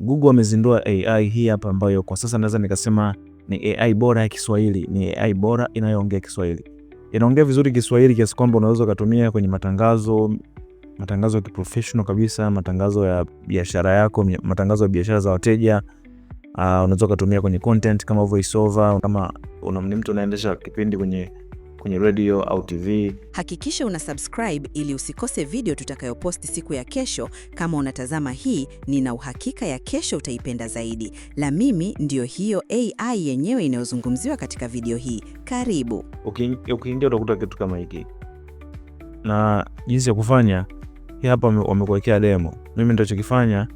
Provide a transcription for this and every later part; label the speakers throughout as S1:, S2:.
S1: Google amezindua AI hii hapa ambayo kwa sasa naweza nikasema ni AI bora ya Kiswahili, ni AI bora inayoongea Kiswahili. Inaongea vizuri Kiswahili kiasi kwamba unaweza ukatumia kwenye matangazo, matangazo ya kiprofessional kabisa, matangazo ya biashara yako, matangazo ya biashara za wateja. Uh, unaweza ukatumia kwenye content kama voice over, kama ni mtu unaendesha kipindi kwenye kwenye redio au TV.
S2: Hakikisha una subscribe ili usikose video tutakayoposti siku ya kesho. Kama unatazama hii, nina uhakika ya kesho utaipenda zaidi. La mimi ndiyo hiyo AI yenyewe inayozungumziwa katika video hii. Karibu.
S1: Ukiingia utakuta kitu kama hiki, na jinsi ya kufanya hii hapa, wamekuwekea demo. Mimi nitachokifanya,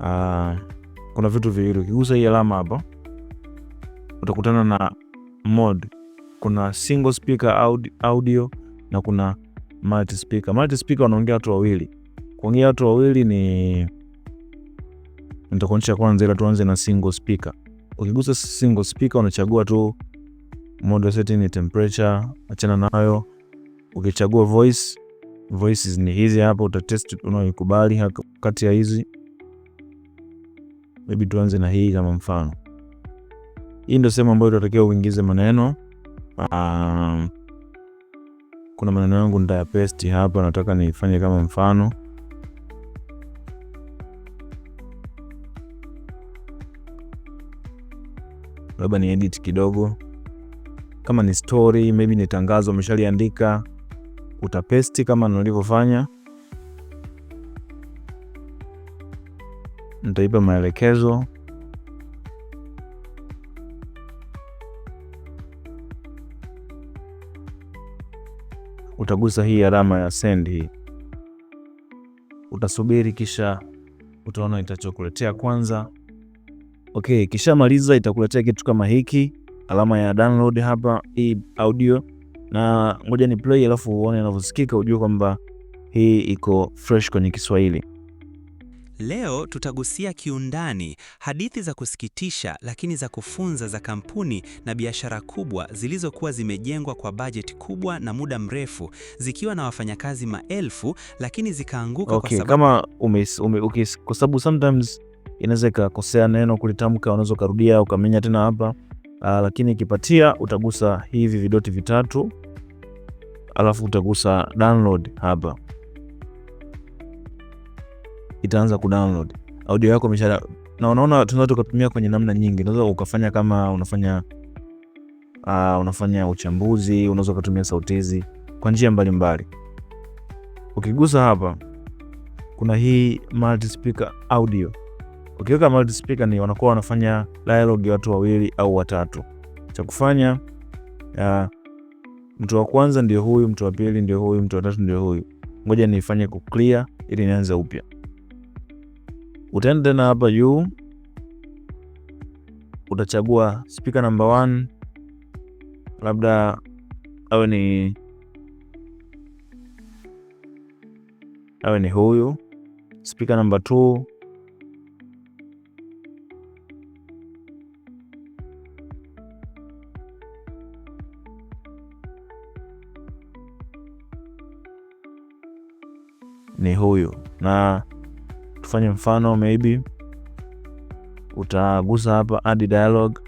S1: uh, kuna vitu viwili. Ukigusa hii alama hapa utakutana na mode kuna single speaker audio na kuna multi speaker. Multi speaker wanaongea watu wawili. Kuongea watu wawili ni nitakuonyesha kwanza, ila tuanze na single speaker. Ukigusa single speaker unachagua tu mode setting ni temperature, achana nayo. Ukichagua voice, voices ni hizi hapa, utatest unaoikubali kati ya hizi. Maybe tuanze na hii kama mfano. Hii ndio sehemu ambayo utatakiwa uingize maneno Um, kuna maneno yangu nitayapesti hapa, nataka nifanye kama mfano labda ni edit kidogo, kama ni story maybe ni tangazo umeshaliandika, utapesti kama nilivyofanya. Nitaipa maelekezo utagusa hii alama ya send hii, utasubiri kisha utaona itachokuletea kwanza. Okay, maliza itakuletea kitu kama hiki, alama ya download hapa, hii audio na ngoja ni play, alafu uone inavyosikika, ujue kwamba hii iko fresh kwenye Kiswahili.
S2: Leo tutagusia kiundani hadithi za kusikitisha lakini za kufunza za kampuni na biashara kubwa zilizokuwa zimejengwa kwa bajeti kubwa na muda mrefu zikiwa na wafanyakazi maelfu lakini zikaanguka okay, kwa sababu
S1: kama ume, okay, kwa sababu sometimes inaweza ikakosea neno kulitamka, unaweza ukarudia ukamenya tena hapa uh, lakini ikipatia utagusa hivi vidoti vitatu alafu utagusa download hapa itaanza kudownload audio yako imesha. Na unaona tunaweza tukatumia kwenye namna nyingi, unaweza ukafanya kama unafanya uh, unafanya uchambuzi, unaweza ukatumia sauti hizi kwa njia mbalimbali. Ukigusa hapa kuna hii multi speaker audio. Ukiweka multi speaker ni wanakuwa wanafanya dialogue watu wawili au watatu. Cha kufanya uh, mtu wa kwanza ndio huyu, mtu wa pili ndio huyu, mtu wa tatu ndio huyu. Ngoja niifanye ku clear ili nianze upya utaenda tena hapa juu utachagua speaker number 1 labda awe ni awe ni huyu speaker number 2 ni huyu na Tufanye mfano, maybe utagusa hapa add dialogue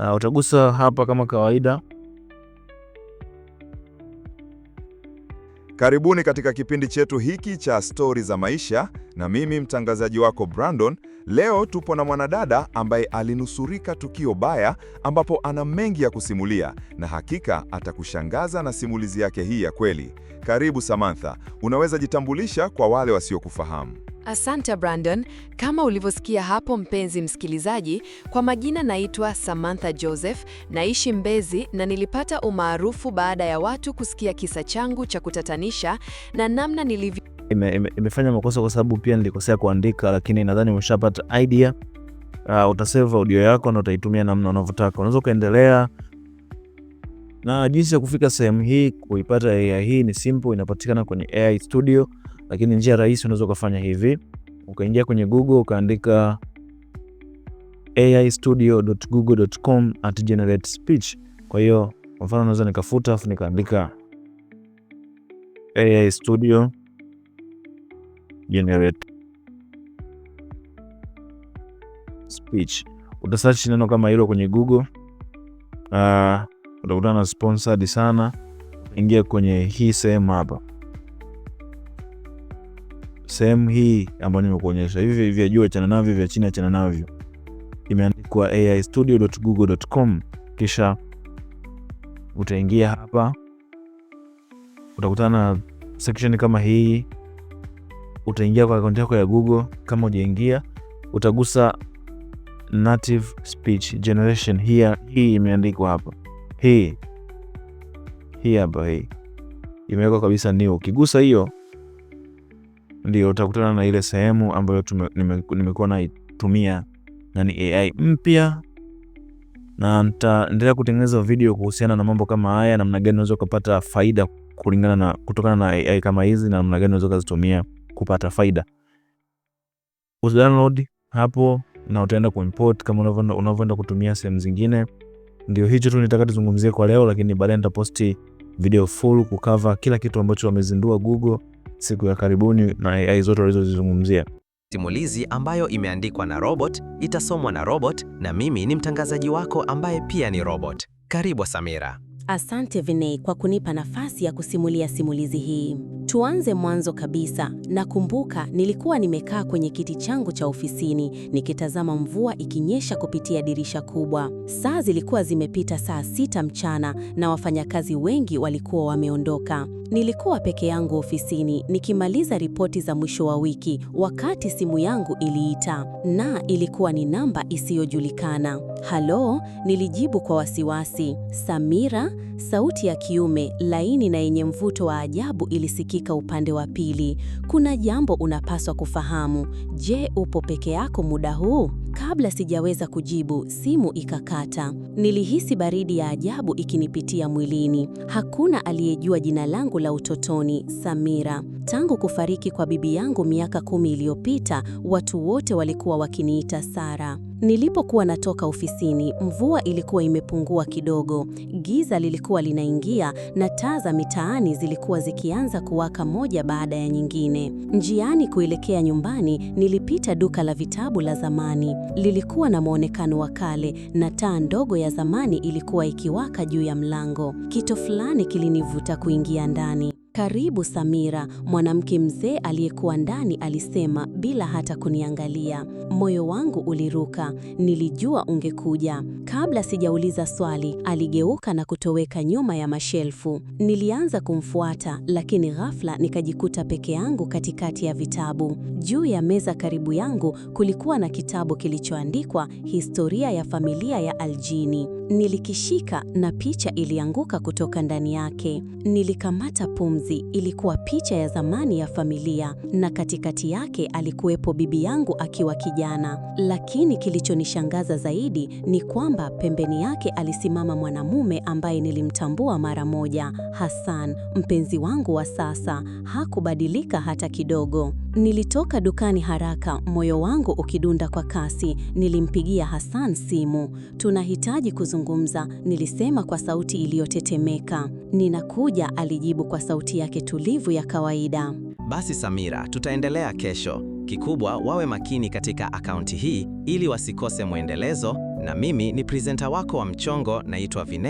S1: na ah, utagusa hapa kama kawaida.
S3: Karibuni katika kipindi chetu hiki cha stori za maisha, na mimi mtangazaji wako Brandon. Leo tupo na mwanadada ambaye alinusurika tukio baya, ambapo ana mengi ya kusimulia na hakika atakushangaza na simulizi yake hii ya kweli. Karibu Samantha, unaweza jitambulisha kwa wale wasiokufahamu?
S2: Asante Brandon. Kama ulivyosikia hapo, mpenzi msikilizaji, kwa majina naitwa Samantha Joseph, naishi Mbezi na nilipata umaarufu baada ya watu kusikia kisa changu cha kutatanisha na namna nilivyo
S1: ime, ime, imefanya makosa kwa sababu pia nilikosea kuandika, lakini nadhani umeshapata idea. Uh, utasave audio yako na utaitumia namna unavyotaka. Unaweza ukaendelea na jinsi ya kufika sehemu hii. Kuipata AI hii ni simple, inapatikana kwenye AI Studio. Lakini njia rahisi unaweza ukafanya hivi, ukaingia kwenye Google ukaandika aistudio.google.com at generate speech. Kwa hiyo kwa mfano naweza nikafuta afu nikaandika AI studio generate speech. Utasearch neno kama hilo kwenye Google. Uh, utakutana na sponsored sana. Ingia kwenye hii sehemu hapa sehemu hii ambayo nimekuonyesha hivi vya juu achana navyo, vya chini achana navyo, imeandikwa aistudio.google.com. Kisha utaingia hapa, utakutana na section kama hii. Utaingia kwa akaunti yako ya Google, kama hujaingia utagusa native speech generation. Hii hii imeandikwa hapa, hii hii hapa, hii imewekwa kabisa, new. ukigusa hiyo ndio utakutana na ile sehemu ambayo nimekuwa naitumia na ni AI mpya, na nitaendelea kutengeneza video kuhusiana na mambo kama haya, namna gani unaweza kupata faida kulingana na kutokana na AI kama hizi, na namna gani unaweza kuzitumia kupata faida. Usidownload hapo na utaenda kuimport kama unavyoenda unavyoenda kutumia sehemu zingine. Ndio hicho tu nitaka tuzungumzie kwa leo, lakini baadaye nitaposti video full kukava kila kitu ambacho wamezindua Google siku ya karibuni na AI zote walizozizungumzia.
S2: Simulizi ambayo imeandikwa na robot itasomwa na robot, na mimi ni mtangazaji wako ambaye pia ni robot. Karibu Samira.
S4: Asante Vinei kwa kunipa nafasi ya kusimulia simulizi hii. Tuanze mwanzo kabisa. Nakumbuka nilikuwa nimekaa kwenye kiti changu cha ofisini nikitazama mvua ikinyesha kupitia dirisha kubwa. Saa zilikuwa zimepita saa sita mchana na wafanyakazi wengi walikuwa wameondoka. Nilikuwa peke yangu ofisini nikimaliza ripoti za mwisho wa wiki wakati simu yangu iliita, na ilikuwa ni namba isiyojulikana. Halo, nilijibu kwa wasiwasi. Samira, Sauti ya kiume laini na yenye mvuto wa ajabu ilisikika upande wa pili. Kuna jambo unapaswa kufahamu. Je, upo peke yako muda huu? Kabla sijaweza kujibu, simu ikakata. Nilihisi baridi ya ajabu ikinipitia mwilini. Hakuna aliyejua jina langu la utotoni, Samira. Tangu kufariki kwa bibi yangu miaka kumi iliyopita, watu wote walikuwa wakiniita Sara. Nilipokuwa natoka ofisini, mvua ilikuwa imepungua kidogo, giza lilikuwa linaingia na taa za mitaani zilikuwa zikianza kuwaka moja baada ya nyingine. Njiani kuelekea nyumbani, nilipita duka la vitabu la zamani. Lilikuwa na mwonekano wa kale na taa ndogo ya zamani ilikuwa ikiwaka juu ya mlango. Kito fulani kilinivuta kuingia ndani. Karibu Samira, mwanamke mzee aliyekuwa ndani alisema bila hata kuniangalia. Moyo wangu uliruka, nilijua ungekuja. Kabla sijauliza swali, aligeuka na kutoweka nyuma ya mashelfu. Nilianza kumfuata, lakini ghafla nikajikuta peke yangu katikati ya vitabu. Juu ya meza karibu yangu kulikuwa na kitabu kilichoandikwa Historia ya familia ya Aljini. Nilikishika na picha ilianguka kutoka ndani yake. Nilikamata pumzi, ilikuwa picha ya zamani ya familia, na katikati yake alikuwepo bibi yangu akiwa kijana. Lakini kilichonishangaza zaidi ni kwamba pembeni yake alisimama mwanamume ambaye nilimtambua mara moja, Hassan, mpenzi wangu wa sasa. Hakubadilika hata kidogo. Nilitoka dukani haraka, moyo wangu ukidunda kwa kasi. Nilimpigia Hassan simu. Tunahitaji kuzungumza kuzungumza, nilisema kwa sauti iliyotetemeka. Ninakuja, alijibu kwa sauti yake tulivu ya kawaida.
S2: Basi Samira, tutaendelea kesho. Kikubwa wawe makini katika akaunti hii ili wasikose mwendelezo, na mimi ni presenter wako wa mchongo, naitwa Vinei.